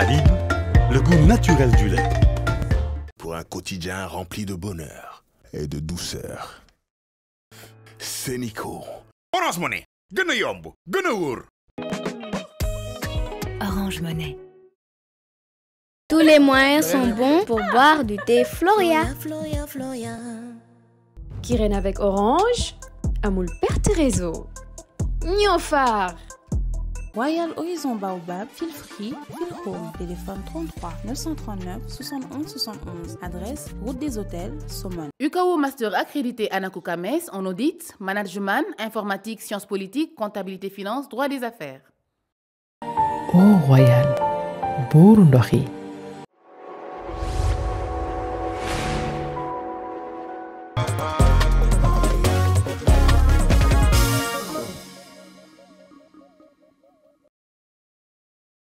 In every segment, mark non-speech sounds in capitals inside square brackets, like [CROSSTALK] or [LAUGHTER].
Alib, le goût naturel du lait. Pour un quotidien rempli de bonheur et de douceur. C'est Nico. Orange Money. Orange Monnaie. Tous les moyens sont bons pour boire du thé Floria. Floria, Floria, avec Orange, Amoul Père Terezo. Niofar. Royal Horizon Baobab, fil free, home. Téléphone 33 939 71 71. Adresse Route des Hôtels, Saumon. UKO Master accrédité Anakuka en audit, management, informatique, sciences politiques, comptabilité finance, droit des affaires. Au oh, Royal, Burundi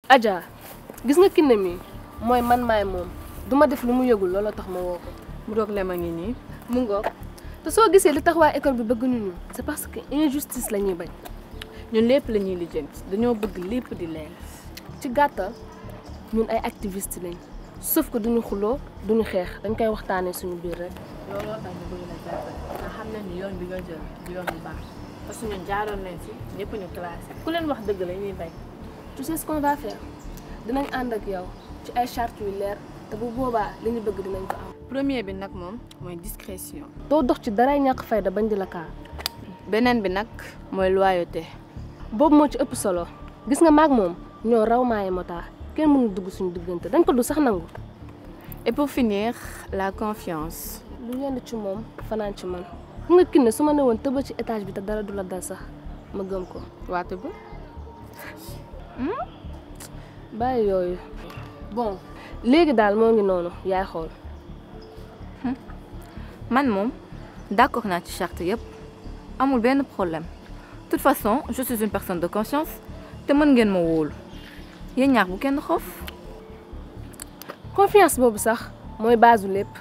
Adja gis nga kinne mi mooy man maay moom du ma def lu mu yëgul looloo tax ma woo ko mu doog lema ngi nii mu ngoog te soo gisee li tax waa école bi bëgg ñu c'est parce que injustice la ñuy bañ ñun lépp la ñuy lijjanti dañoo bëgg lépp di leer ci gàttal ñun ay activiste lañ sauf ko duñu xuloo duñu xeex dañ koy waxtaanee suñu biir rek looloo tax ñu bëgg la jàppale nga xam na ni yoon bi nga jël du yoon bu baax parce ñun jaaroon nañ ci ñëpp ñu classé ku leen wax dëgg la ñuy bañ tu sais ce qu'on va faire dinañ ànd ak yow ci ay chartes yu leer te bu boobaa li ñu bëgg dinañ ko am. premier bi nak mom moy discrétion. do dox ci daray ñàkk fayda bañ di la ka benen bi nak moy loyauté. boobu mo ci ëpp solo gis nga maag mom ñoo raw maay mota tax kenn mënu dugg suñu diggante dañ ko du sax nangu. et pour finir la confiance. lu ñënd ci mom fanan ci man nga kinne suma neewon ne ci étage bi te dara du la dal sax ma gëm ko. waate ba. Hmm? Bye, yooyu bon léegi daal moo ngi noonu yaay hmm. man mom, d'accord naa ci charte yëpp amul benn problème de toute façon je suis une personne de conscience te mën ngeen ma wóolu yéen ñaar bu kenn xoof. confiance boobu sax mooy baasu lépp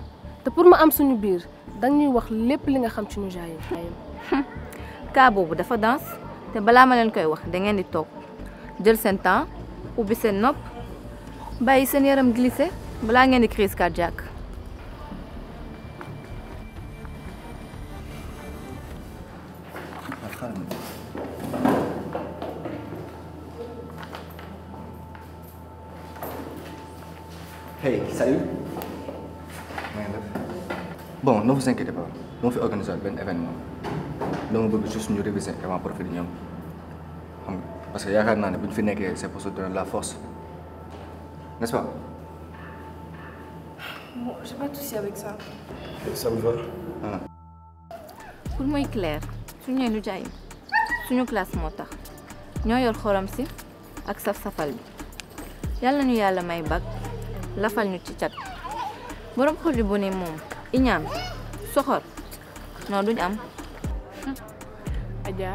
te pour ma am suñu biir dañuy wax lépp li nga xam ci nu jaayee. Hmm? cas boobu dafa danse te balaa ma leen koy wax da ngeen di jël seen temps ubbi seen nopp bàyyi seen yaram glissé balaa ngeen di crise cardiaque hey salut. na bon ne vous inquiétez pas dama fi organiser benn événement dama bëgg juste nous réviser avant profil ñoom. parce que yakar na ne bu fi c'est pour se donner la force n'est-ce pas. bon j'ai pas de souci avec ça. ça me va. pour moi clair lu jaay suñu classe moo tax ñoo yor xorom ak saf-safal bi yàlla ñu yàlla may lafal ñu ci cat borom xol yu bone moom iñaan soxor non duñ am. Adja.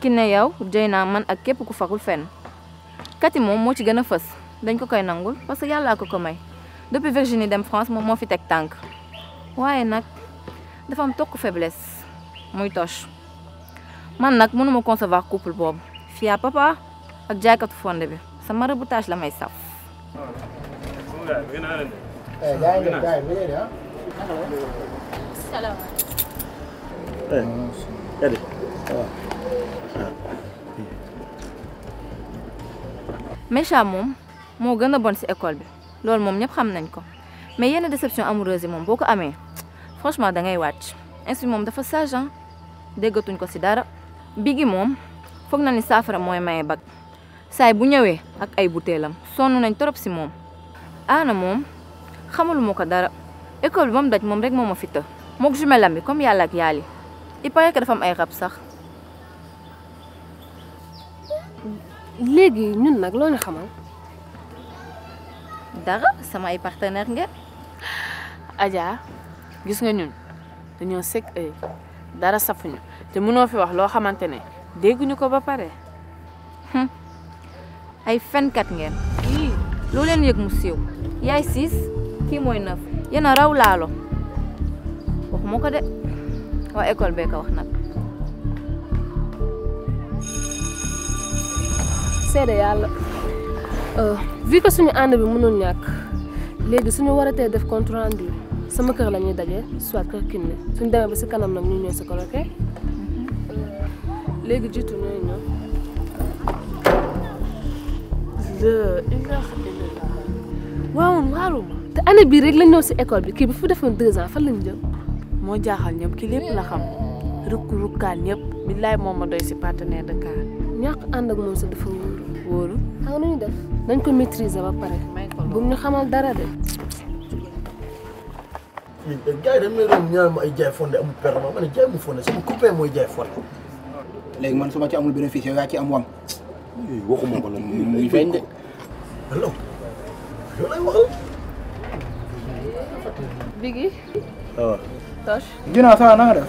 ki ne yow jeyna man ak kep ku faxul fen Kati mom mo ci gëna fess dañ ko koy nangul parce que yalla ko ko may depuis Virginie dem France mom mo fi tek tank waye nak dafa am tok faiblesse muy toche man nag mënuma concevoir couple bob fii à papa ak jaaykatu fonde bi sama rebutage la may saf. salaamaaleykum. Eh, méchant moom moo gën a bon si école bi loolu moom ñëpp xam nañ ko mais yenn déception amoureuse yi moom boo ko amee franchement da ngay wàcc ainsi moom dafa sage déggatuñ ko si dara bigi moom foog na ni saafara mooy maye bag saay bu ñëwee ak ay butéelam sonn nañ trop si moom aana moom xamalu ma ko dara école bi ba mu daj moom rek moo ma fi të mook jumelam bi comme yàlla ak yàlli il paraît que dafa am ay rab sax léegi ñun nag loo ñu xamal. dara sama ay partenaire ngeen. Adja gis nga ñun dañoo sëg ay te mënoo fi wax loo xamante ne dégguñu ko ba pare. ay fenkat ngeen. yii loo leen yëg mu siiw. yaay siis kii mooy neuf yéen a raw laalo waxuma ko de waa école bee ko wax nag. seede euh, yàlla vu que suñu ànd bi mënul ñàkk léegi suñu waratee def compte bi sama kër la ñuy daje soit kër kinne suñu demee ba si kanam nag ñu ñëw sa kër ok euh, léegi jiitu ñooy ñëw. waaw waaw te année bi rek lañ ñëw si école bi kii bi fu defoon deux ans fan lañ jël moo jaaxal ñëpp ki lépp la xam rukk rukkaan ñëpp billaay moom ma doy si partenaire de ñàkk ànd ak moom sax dafa wóoru wóoru xam nga ñuy def nañ ko maîtriser ba pare bu ñu xamal dara de gars yi dañ may doon ñaan ma ay jaay fonde amul perma ma ne jaay jaay fonde léegi man su ma ci amul bénéfice yow yaa ci am wam waxuma ko la muy feeñ de allo yow ah. def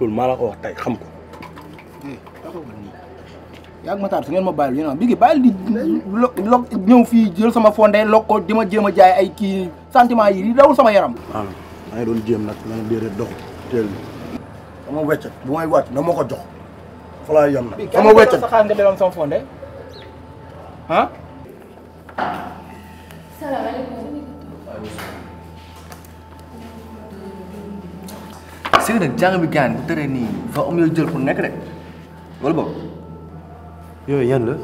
loolu maa la ko wax tey xam ko. yaa ngi ma taal su ngeen ma bàyyil ñu bi ngi bàyyil di lo lo ñëw fii jël sama fondé lok ko di ma jéem a jaay ay kii sentiment yi di dawul sama yaram. waaw ah, maa ngi doon jéem nag maa ngi déedéet dox teel bu may wàcc na ma ko jox fa laa yem nag. sama weccat bi c'est que nag jàng bi gaan bu tëree nii fa am yoo jël pour nekk de wala boog. yooyu yan la.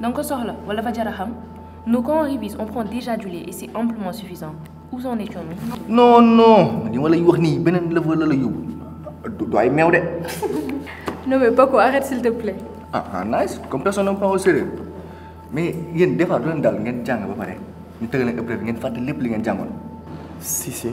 da ko soxla wala dafa jar a xam nous quand on révise on prend déjà du lait et c'est amplement suffisant où en étions-nous. non non li ma lay wax nii beneen level la la yóbbu du ay meew de. [LAUGHS] non mais Paco arrête s'il te plaît. ah ah nice comme personne ne prend au sérieux mais yéen des fois du leen dal ngeen jàng ba pare ñu tëgg leen épreuve ngeen fàtte lépp li ngeen jàngoon. si si.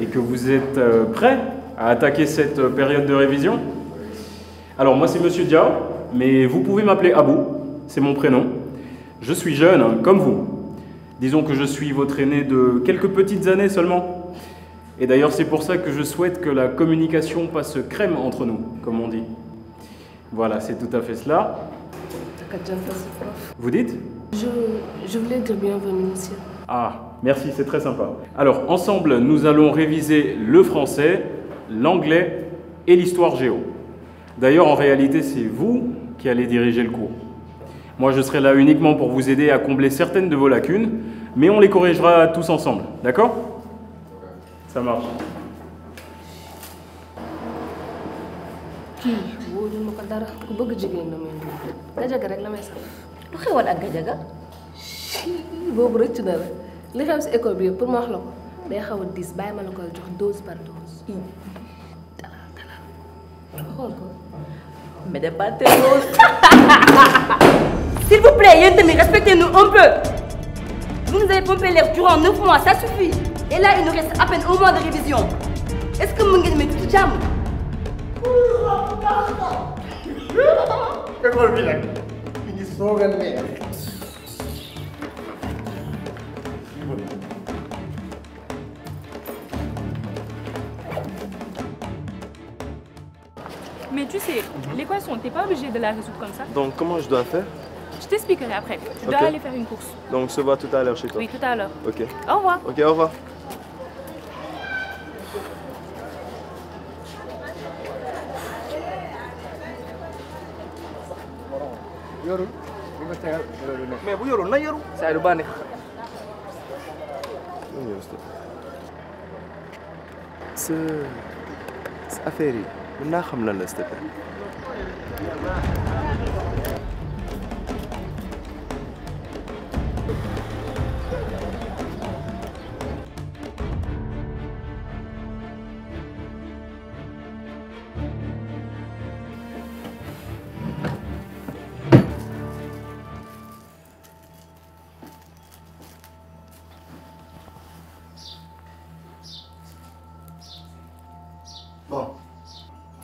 et que vous êtes euh, prêt à attaquer cette euh, période de révision. Alors moi c'est Monsieur Dia, mais vous pouvez m'appeler Abou, c'est mon prénom. Je suis jeune, hein, comme vous. Disons que je suis votre aîné de quelques petites années seulement. Et d'ailleurs c'est pour ça que je souhaite que la communication passe crème entre nous, comme on dit. Voilà, c'est tout à fait cela. Vous dites je, je voulais être bienvenue, monsieur. Ah, Merci, c'est très sympa. Alors, ensemble, nous allons réviser le français, l'anglais et l'histoire géo. D'ailleurs, en réalité, c'est vous qui allez diriger le cours. Moi, je serai là uniquement pour vous aider à combler certaines de vos lacunes, mais on les corrigera tous ensemble, d'accord Ça marche li xew si école bi yëpp pour ma wax la ko day xaw a diis bàyyi ma la koy jox dose par dose. Mm. dalal dalal xool ko. mais de pas trop. s'il vous plaît yéen tamit respectez-nous un peu. vous nous avez pompé l'air durant neuf mois ça suffit. et là il nous reste à peine un mois de révision. est-ce que mën ngeen may tuuti jàmm. école bi nag mi ngi soog a Mais tu sais, l'équation, tu n'es pas obligé de la résoudre comme ça. Donc, comment je dois faire Je t'expliquerai après. Tu dois aller faire une course. Donc, se voit tout à l'heure chez toi Oui, tout à l'heure. Ok. Au revoir. Ok, au revoir. Mais c'est affaire ناخم من الاستبان Bom,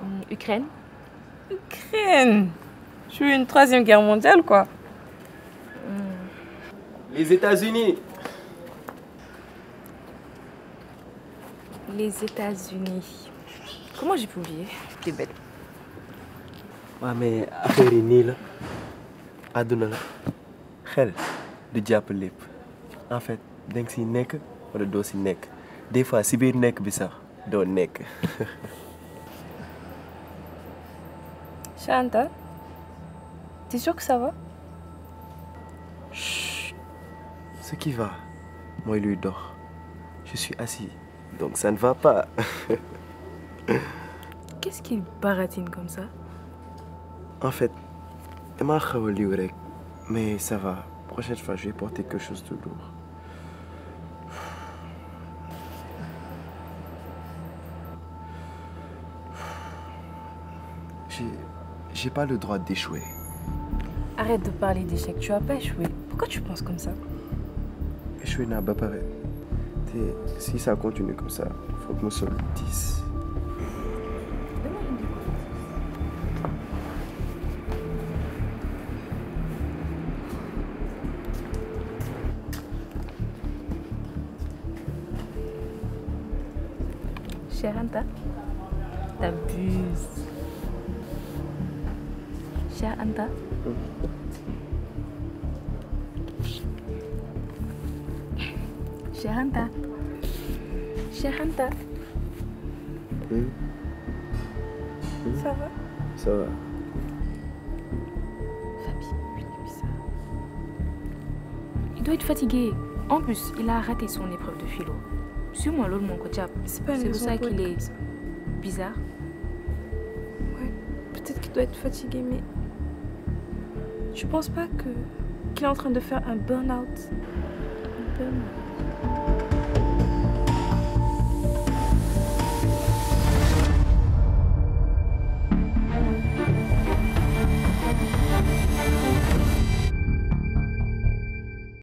Hum, Ukraine. Ukraine Je suis une troisième guerre mondiale, quoi. Hum. Les États-Unis. Les États-Unis. Comment j'ai pu oublier T'es bête. Ouais, mais affaire yi nii la àdduna en fait danga si ou c'est le dossier des fois si bien Nek, bi [LAUGHS] T'es sûr que ça va Chut. Ce qui va, moi, lui dort. Je suis assis, donc ça ne va pas. [LAUGHS] Qu'est-ce qu'il baratine comme ça En fait, mais ça va. Prochaine fois, je vais porter quelque chose de lourd. [SIGHS] J'ai j'ai pas le droit d'échouer. Arrête de parler d'échec, tu as pas échoué. Pourquoi tu penses comme ça échoué n'a pas pareil. Si ça continue comme ça, faut que nous sommes 10. Cher Anta, t'abuses. Cher Anta Cher Anta Cher Anta hmm? Hmm? ça va ça va Fabi oui lui ça il doit être fatigué en plus il a raté son épreuve de philo Suis-moi moi, l'autre mon c'est pour ça qu'il est bizarre ouais peut-être qu'il doit être fatigué mais je pense pas qu'il est en train de faire un Un burn-out.